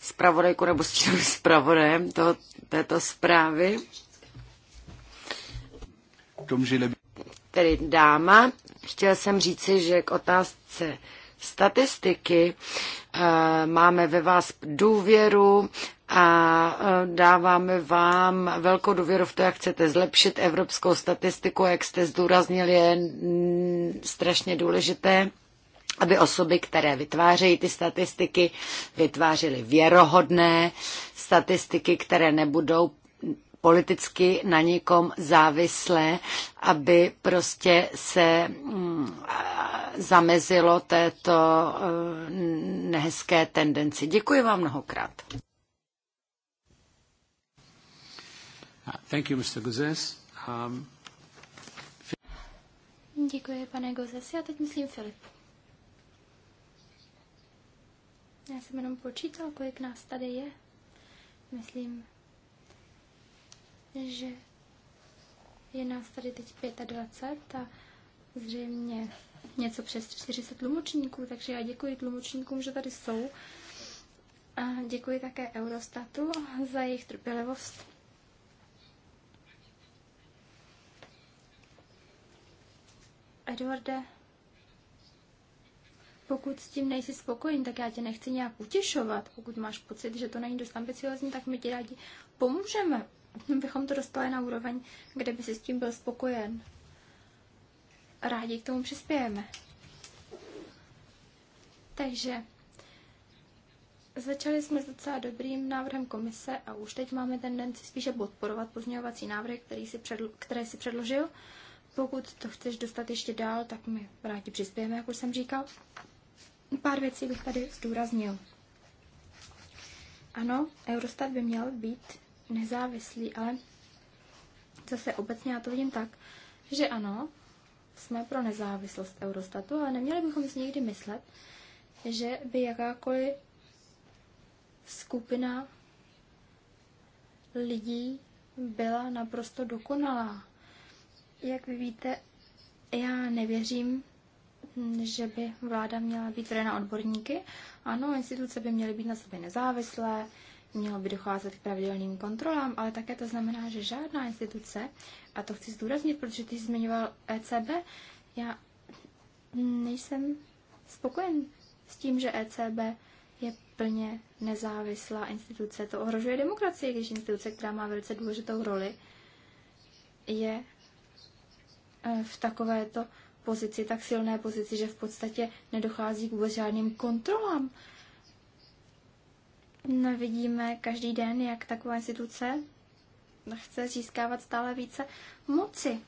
zpravodajku nebo stínovým zpravodajem toho, této zprávy. Tedy dáma, chtěl jsem říci, že k otázce statistiky, eh, máme ve vás důvěru a eh, dáváme vám velkou důvěru v to, jak chcete zlepšit evropskou statistiku, jak jste zdůraznil, je strašně důležité aby osoby, které vytvářejí ty statistiky, vytvářely věrohodné statistiky, které nebudou politicky na někom závislé, aby prostě se, mm, zamezilo této eh, nehezké tendenci. Děkuji vám mnohokrát. Uh, thank you, Mr. Guzes. Um, Děkuji, pane Gozes. Já teď myslím Filip. Já jsem jenom počítal, kolik nás tady je. Myslím, že je nás tady teď 25 a zřejmě něco přes 40 tlumočníků, takže já děkuji tlumočníkům, že tady jsou. A děkuji také Eurostatu za jejich trpělivost. Edwarde, pokud s tím nejsi spokojen, tak já tě nechci nějak utěšovat. Pokud máš pocit, že to není dost ambiciozní, tak my ti rádi pomůžeme, bychom to dostali na úroveň, kde by si s tím byl spokojen rádi k tomu přispějeme. Takže začali jsme s docela dobrým návrhem komise a už teď máme tendenci spíše podporovat pozměňovací návrhy, který si předl- které si předložil. Pokud to chceš dostat ještě dál, tak my rádi přispějeme, jak už jsem říkal. Pár věcí bych tady zdůraznil. Ano, Eurostat by měl být nezávislý, ale zase obecně já to vidím tak, že ano, jsme pro nezávislost Eurostatu, ale neměli bychom si někdy myslet, že by jakákoliv skupina lidí byla naprosto dokonalá. Jak vy víte, já nevěřím, že by vláda měla být vedena odborníky. Ano, instituce by měly být na sobě nezávislé, Mělo by docházet k pravidelným kontrolám, ale také to znamená, že žádná instituce, a to chci zdůraznit, protože ty zmiňoval ECB, já nejsem spokojen s tím, že ECB je plně nezávislá instituce. To ohrožuje demokracii, když instituce, která má velice důležitou roli, je eh, v takovéto pozici, tak silné pozici, že v podstatě nedochází k vůbec žádným kontrolám No, vidíme každý den, jak taková instituce chce získávat stále více moci.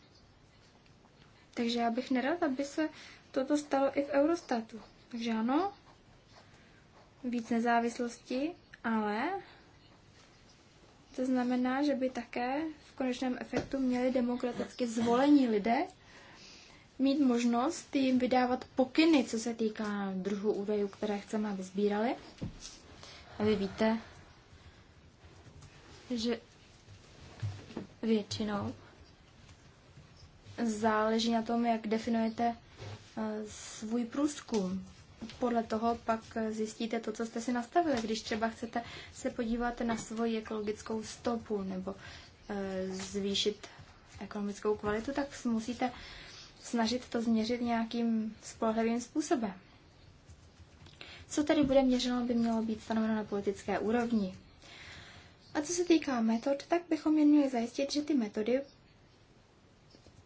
Takže já bych nerad, aby se toto stalo i v Eurostatu. Takže ano, víc nezávislosti, ale to znamená, že by také v konečném efektu měli demokraticky zvolení lidé mít možnost jim vydávat pokyny, co se týká druhu údajů, které chceme, aby sbírali. A vy víte, že většinou záleží na tom, jak definujete eh, svůj průzkum. Podle toho pak zjistíte to, co jste si nastavili. Když třeba chcete se podívat na svoji ekologickou stopu nebo eh, zvýšit ekonomickou kvalitu, tak musíte snažit to změřit nějakým spolehlivým způsobem. Co tedy bude měřeno, by mělo být stanoveno na politické úrovni. A co se týká metod, tak bychom jen měli zajistit, že ty metody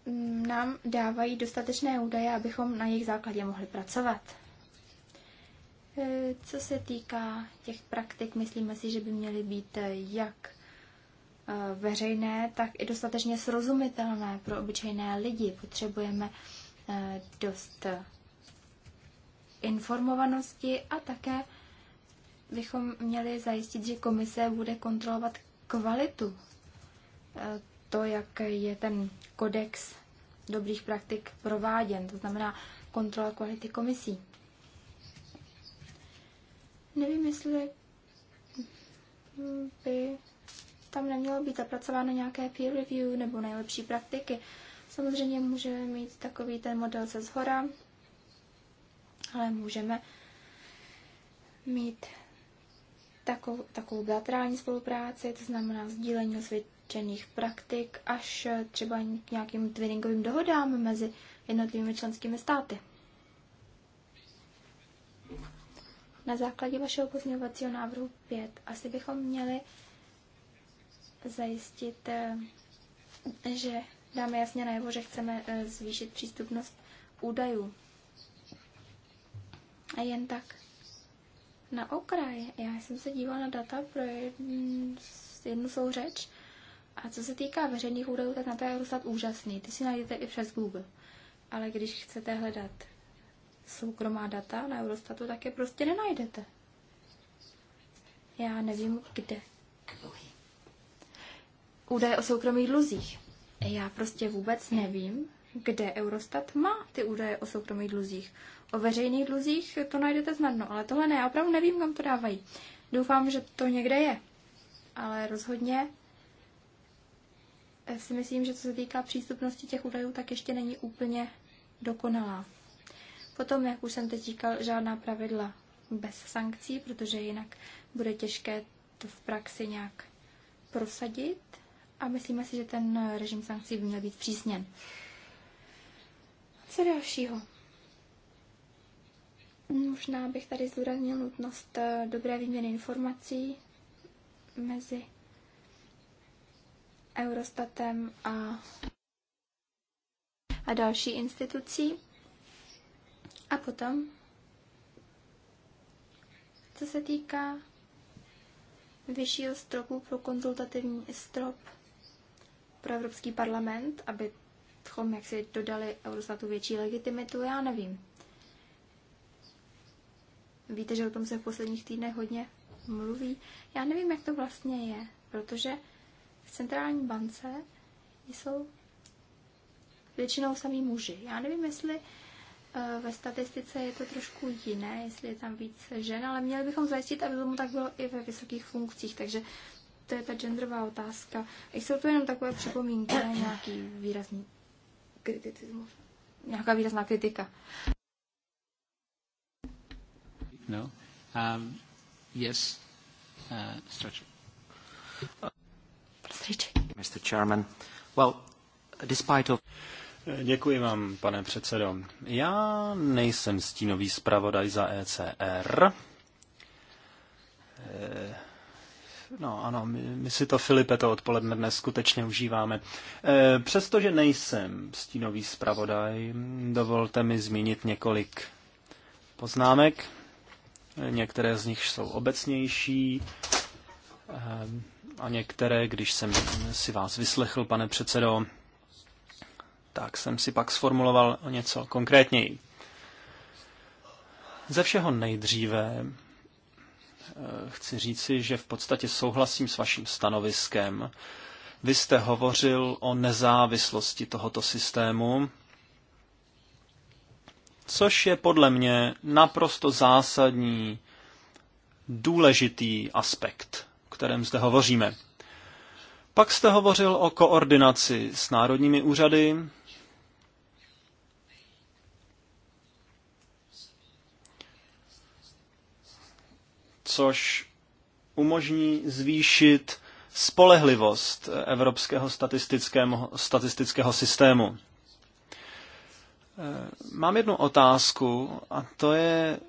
mm, nám dávají dostatečné údaje, abychom na jejich základě mohli pracovat. E, co se týká těch praktik, myslíme si, že by měly být e, jak e, veřejné, tak i dostatečně srozumitelné pro obyčejné lidi. Potřebujeme dost informovanosti a také bychom měli zajistit, že komise bude kontrolovat kvalitu. Eh, to, jak je ten kodex dobrých praktik prováděn, to znamená kontrola kvality komisí. Nevím, jestli by tam nemělo být zapracováno nějaké peer review nebo nejlepší praktiky. Samozřejmě můžeme mít takový ten model ze zhora, ale můžeme mít takovou, takovou bilaterální spolupráci, to znamená sdílení osvědčených praktik, až třeba k nějakým twinningovým dohodám mezi jednotlivými členskými státy. Na základě vašeho pozměňovacího návrhu 5 asi bychom měli zajistit, eh, že dáme jasně najevo, že chceme eh, zvýšit přístupnost údajů a jen tak na okraj. Já jsem se dívala na data pro jednu, jednu souřeč a co se týká veřejných údajů, tak na to je Eurostat úžasný. Ty si najdete i přes Google. Ale když chcete hledat soukromá data na Eurostatu, tak je prostě nenajdete. Já nevím, kde. Údaje o soukromých dluzích. Já prostě vůbec nevím, kde Eurostat má ty údaje o soukromých dluzích. O veřejných dluzích to najdete snadno, ale tohle ne, opravdu nevím, kam to dávají. Doufám, že to někde je, ale rozhodně eh, si myslím, že co se týká přístupnosti těch údajů, tak ještě není úplně dokonalá. Potom, jak už jsem teď říkal, žádná pravidla bez sankcí, protože jinak bude těžké to v praxi nějak prosadit a myslíme si, že ten režim sankcí by měl být přísněn. Co dalšího? Možná bych tady zdůraznil nutnost eh, dobré výměny informací mezi Eurostatem a, a další institucí. A potom, co se týká vyššího stropu pro konzultativní strop pro Evropský parlament, abychom jaksi dodali Eurostatu větší legitimitu, já nevím. Víte, že o tom se v posledních týdnech hodně mluví. Já nevím, jak to vlastně je, protože v centrální bance jsou většinou samý muži. Já nevím, jestli eh, ve statistice je to trošku jiné, jestli je tam víc žen, ale měli bychom zajistit, aby tomu tak bylo i ve vysokých funkcích. Takže to je ta genderová otázka. Jsou to jenom takové připomínky, nějaký výrazný kritizmus? Nějaká výrazná kritika. No? Um, yes, uh, Strachan. Mr. Chairman, well, despite of... Děkuji vám, pane předsedo. Já nejsem stínový zpravodaj za ECR. Eh, no ano, my, my si to, Filipe, to odpoledne dnes skutečně užíváme. Eh, přestože nejsem stínový zpravodaj, dovolte mi zmínit několik poznámek. Některé z nich jsou obecnější ehm, a některé, když jsem si vás vyslechl, pane předsedo, tak jsem si pak sformuloval něco konkrétněji. Ze všeho nejdříve eh, chci říci, že v podstatě souhlasím s vaším stanoviskem. Vy jste hovořil o nezávislosti tohoto systému což je podle mě naprosto zásadní, důležitý aspekt, o kterém zde hovoříme. Pak jste hovořil o koordinaci s národními úřady. Což umožní zvýšit spolehlivost evropského statistického, statistického systému. Eh, mám jednu otázku a to je,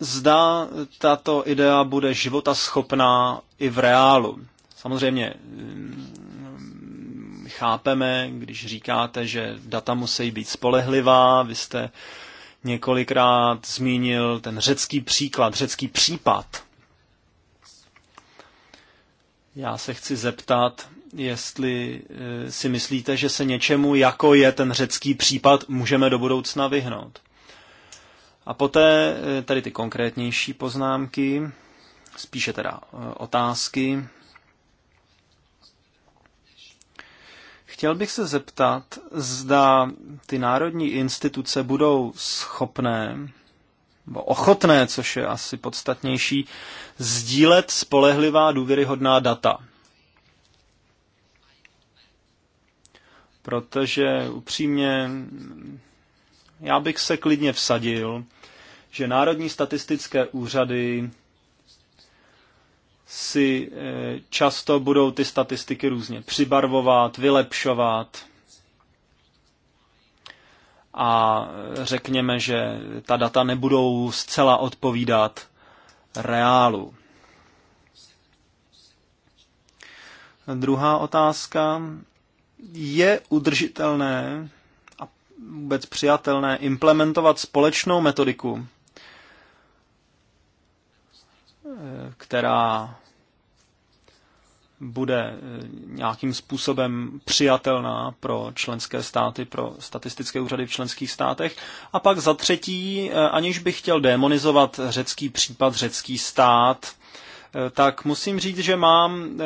zda tato idea bude života schopná i v reálu. Samozřejmě mm, chápeme, když říkáte, že data musí být spolehlivá, vy jste několikrát zmínil ten řecký příklad, řecký případ. Já se chci zeptat, jestli eh, si myslíte, že se něčemu, jako je ten řecký případ, můžeme do budoucna vyhnout. A poté eh, tady ty konkrétnější poznámky, spíše teda eh, otázky. Chtěl bych se zeptat, zda ty národní instituce budou schopné nebo ochotné, což je asi podstatnější, sdílet spolehlivá důvěryhodná data. protože upřímně já bych se klidně vsadil, že národní statistické úřady si eh, často budou ty statistiky různě přibarvovat, vylepšovat. A eh, řekněme, že ta data nebudou zcela odpovídat reálu. Druhá otázka je udržitelné a vůbec přijatelné implementovat společnou metodiku, eh, která bude eh, nějakým způsobem přijatelná pro členské státy, pro statistické úřady v členských státech. A pak za třetí, eh, aniž bych chtěl demonizovat řecký případ, řecký stát, tak musím říct, že mám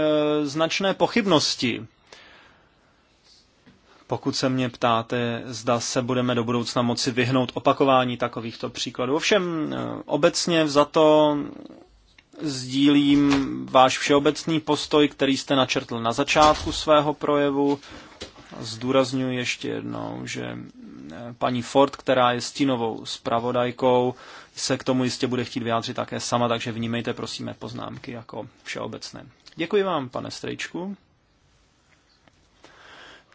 značné pochybnosti pokud se mě ptáte, zda se budeme do budoucna moci vyhnout opakování takovýchto příkladů. Ovšem eh, obecně za to sdílím váš všeobecný postoj, který jste načrtl na začátku svého projevu. Zdůraznuju ještě jednou, že eh, paní Ford, která je stínovou zpravodajkou, se k tomu jistě bude chtít vyjádřit také sama, takže vnímejte prosím poznámky jako všeobecné. Děkuji vám, pane Strejčku.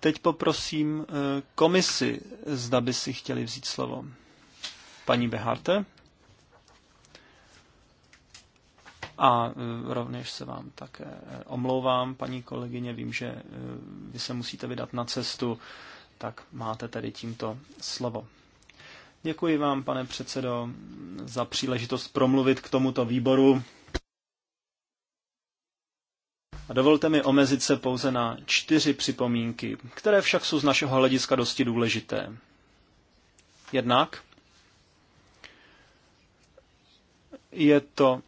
Teď poprosím eh, komisi, zda by si chtěli vzít slovo. Paní Beharte? A eh, rovněž se vám také eh, omlouvám, paní kolegyně, vím, že vy se musíte vydat na cestu, tak máte tedy tímto slovo. Děkuji vám, pane předsedo, za příležitost promluvit k tomuto výboru. A dovolte mi omezit se pouze na čtyři připomínky, které však jsou z našeho hlediska dosti důležité. Jednak je to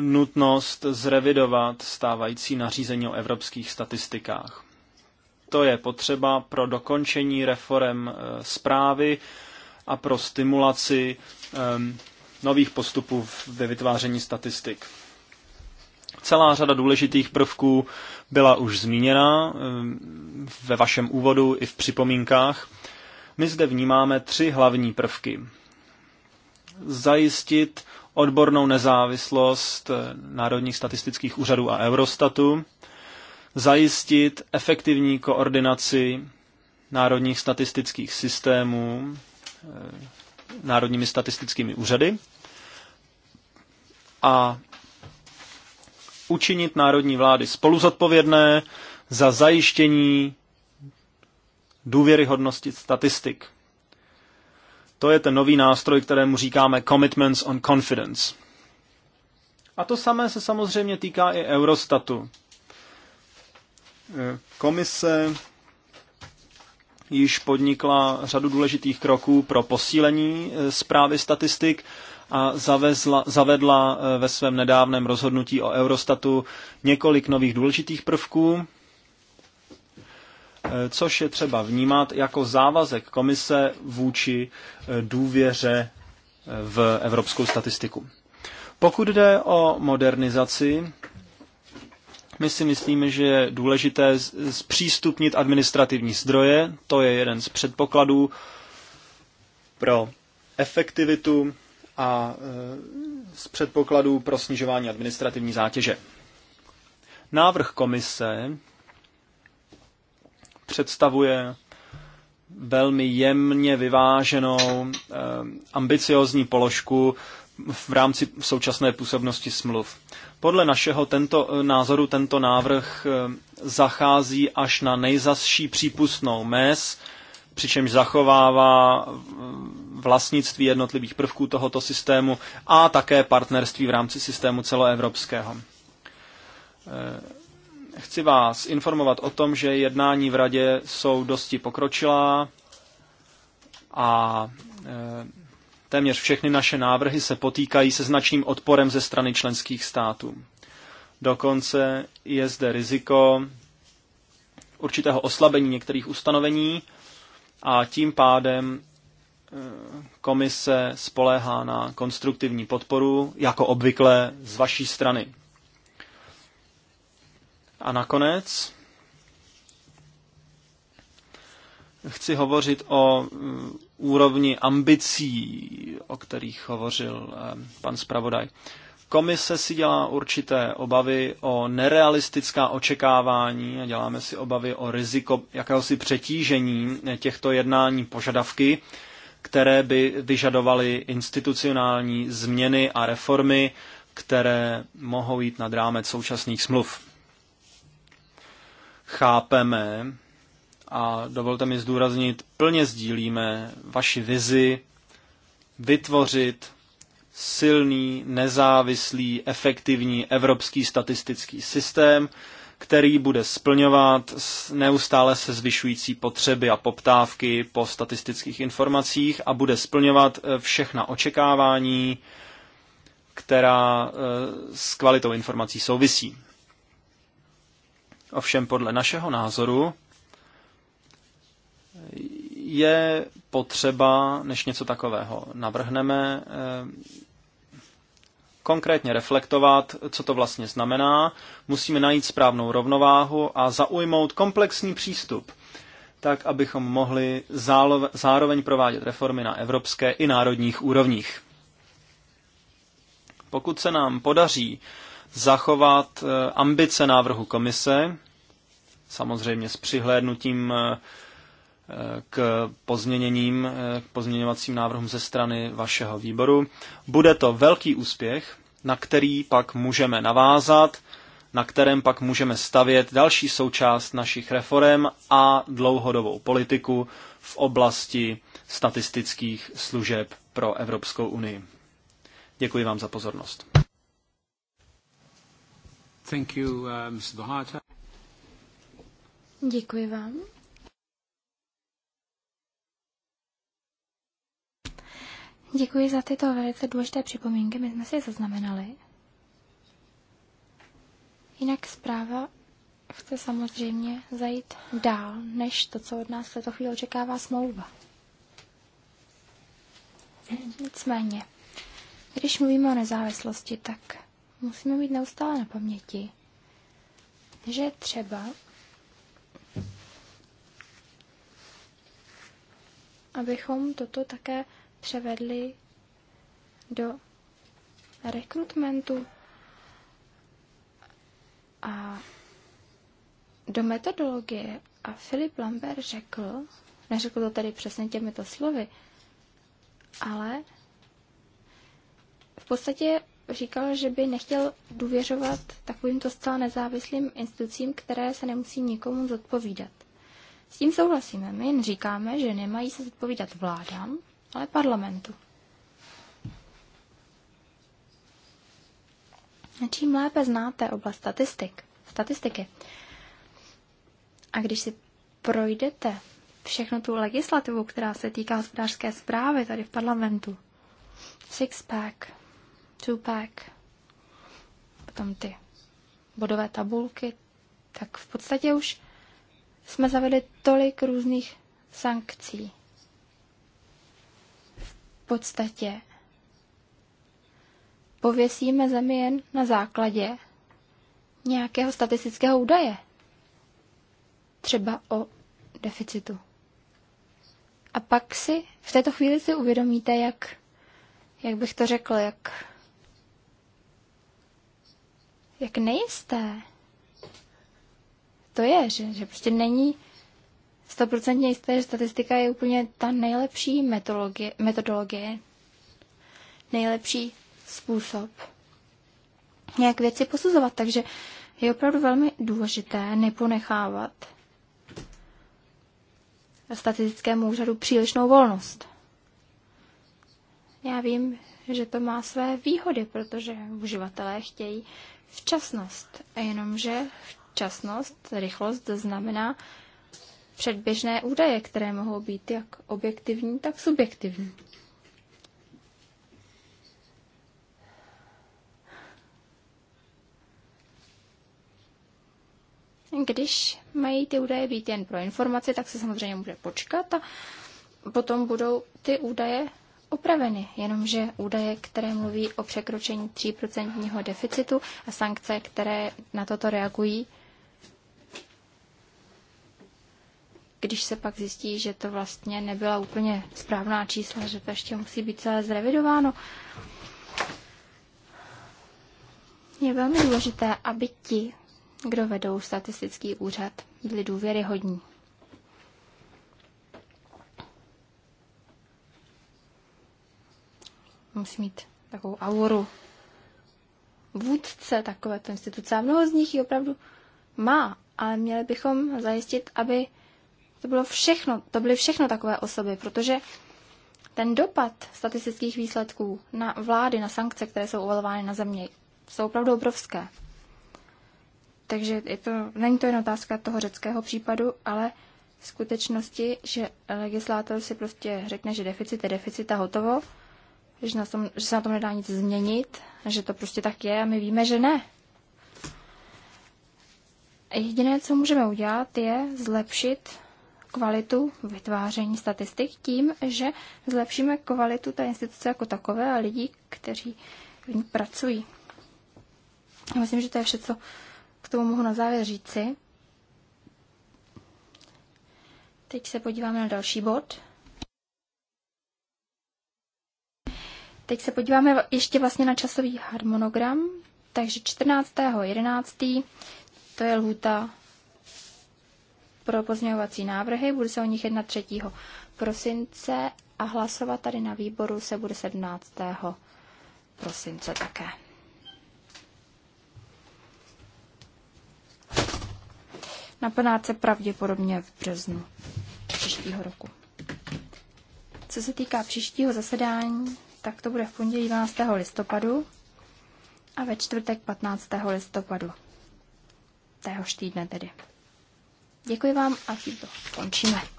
nutnost zrevidovat stávající nařízení o evropských statistikách. To je potřeba pro dokončení reform zprávy eh, a pro stimulaci ehm, nových postupů ve vytváření statistik. Celá řada důležitých prvků byla už zmíněna ehm, ve vašem úvodu i v připomínkách. My zde vnímáme tři hlavní prvky. Zajistit odbornou nezávislost eh, národních statistických úřadů a Eurostatu, zajistit efektivní koordinaci národních statistických systémů eh, národními statistickými úřady a učinit národní vlády spoluzodpovědné za zajištění důvěryhodnosti statistik. To je ten nový nástroj, kterému říkáme Commitments on Confidence. A to samé se samozřejmě týká i Eurostatu. Eh, komise již podnikla řadu důležitých kroků pro posílení eh, zprávy statistik a zavezla, zavedla eh, ve svém nedávném rozhodnutí o Eurostatu několik nových důležitých prvků, eh, což je třeba vnímat jako závazek komise vůči eh, důvěře v evropskou statistiku. Pokud jde o modernizaci, my si myslíme, že je důležité zpřístupnit administrativní zdroje, to je jeden z předpokladů pro efektivitu a e, z předpokladů pro snižování administrativní zátěže. Návrh komise představuje velmi jemně vyváženou e, ambiciozní položku v rámci současné působnosti smluv. Podle našeho tento, e, názoru tento návrh zachází až na nejzasší přípustnou mez, přičemž zachovává vlastnictví jednotlivých prvků tohoto systému a také partnerství v rámci systému celoevropského. Eh, chci vás informovat o tom, že jednání v radě jsou dosti pokročilá a eh, téměř všechny naše návrhy se potýkají se značným odporem ze strany členských států. Dokonce je zde riziko určitého oslabení některých ustanovení a tím pádem komise spoléhá na konstruktivní podporu, jako obvykle z vaší strany. A nakonec chci hovořit o mm, úrovni ambicí, o kterých hovořil eh, pan zpravodaj. Komise si dělá určité obavy o nerealistická očekávání a děláme si obavy o riziko jakéhosi přetížení těchto jednání požadavky, které by vyžadovaly institucionální změny a reformy, které mohou jít nad rámec současných smluv. Chápeme a dovolte mi zdůraznit, plně sdílíme vaši vizi vytvořit silný, nezávislý, efektivní evropský statistický systém, který bude splňovat neustále se zvyšující potřeby a poptávky po statistických informacích a bude splňovat eh, všechna očekávání, která eh, s kvalitou informací souvisí. Ovšem podle našeho názoru je potřeba, než něco takového navrhneme, eh, konkrétně reflektovat, co to vlastně znamená, musíme najít správnou rovnováhu a zaujmout komplexní přístup, tak abychom mohli zároveň provádět reformy na evropské i národních úrovních. Pokud se nám podaří zachovat eh, ambice návrhu komise, samozřejmě s přihlédnutím eh, k pozměněním, k pozměňovacím návrhům ze strany vašeho výboru. Bude to velký úspěch, na který pak můžeme navázat, na kterém pak můžeme stavět další součást našich reform a dlouhodobou politiku v oblasti statistických služeb pro Evropskou unii. Děkuji vám za pozornost. Thank you, uh, Mr. Děkuji vám. Děkuji za tyto velice důležité připomínky, my jsme si je zaznamenali. Jinak zpráva chce samozřejmě zajít dál, než to, co od nás v této chvíli očekává smlouva. Nicméně, když mluvíme o nezávislosti, tak musíme mít neustále na paměti, že třeba, abychom toto také převedli do rekrutmentu a do metodologie. A Filip Lambert řekl, neřekl to tady přesně těmito slovy, ale v podstatě říkal, že by nechtěl důvěřovat takovýmto zcela nezávislým institucím, které se nemusí nikomu zodpovídat. S tím souhlasíme. My jen říkáme, že nemají se zodpovídat vládám, ale parlamentu. A čím lépe znáte oblast statistik, statistiky, a když si projdete všechno tu legislativu, která se týká hospodářské zprávy tady v parlamentu, six-pack, two-pack, potom ty bodové tabulky, tak v podstatě už jsme zavedli tolik různých sankcí, podstatě pověsíme zemi jen na základě nějakého statistického údaje. Třeba o deficitu. A pak si v této chvíli si uvědomíte, jak, jak bych to řekl, jak, jak nejisté to je, že, že prostě není 100% jisté, že statistika je úplně ta nejlepší metodologie, metodologie nejlepší způsob, jak věci posuzovat. Takže je opravdu velmi důležité neponechávat statistickému úřadu přílišnou volnost. Já vím, že to má své výhody, protože uživatelé chtějí včasnost. Jenomže včasnost, rychlost znamená předběžné údaje, které mohou být jak objektivní, tak subjektivní. Když mají ty údaje být jen pro informaci, tak se samozřejmě může počkat a potom budou ty údaje opraveny, jenomže údaje, které mluví o překročení 3% deficitu a sankce, které na toto reagují, když se pak zjistí, že to vlastně nebyla úplně správná čísla, že to ještě musí být celé zrevidováno. Je velmi důležité, aby ti, kdo vedou statistický úřad, byli důvěryhodní. Musí mít takovou auru vůdce takovéto instituce. A mnoho z nich ji opravdu má, ale měli bychom zajistit, aby to bylo všechno, to byly všechno takové osoby, protože ten dopad statistických výsledků na vlády, na sankce, které jsou uvalovány na země, jsou opravdu obrovské. Takže je to, není to jen otázka toho řeckého případu, ale v skutečnosti, že legislátor si prostě řekne, že deficit je deficit a hotovo, že, na tom, že se na tom nedá nic změnit, že to prostě tak je a my víme, že ne. Jediné, co můžeme udělat, je zlepšit kvalitu vytváření statistik tím, že zlepšíme kvalitu té instituce jako takové a lidí, kteří v ní pracují. Myslím, že to je vše, co k tomu mohu na závěr říci. Teď se podíváme na další bod. Teď se podíváme ještě vlastně na časový harmonogram. Takže 14.11. to je lhůta pro pozměňovací návrhy, bude se o nich jednat 3. prosince a hlasovat tady na výboru se bude 17. prosince také. Na plenárce pravděpodobně v březnu příštího roku. Co se týká příštího zasedání, tak to bude v pondělí 12. listopadu a ve čtvrtek 15. listopadu. Téhož týdne tedy. Děkuji vám a tímto končíme.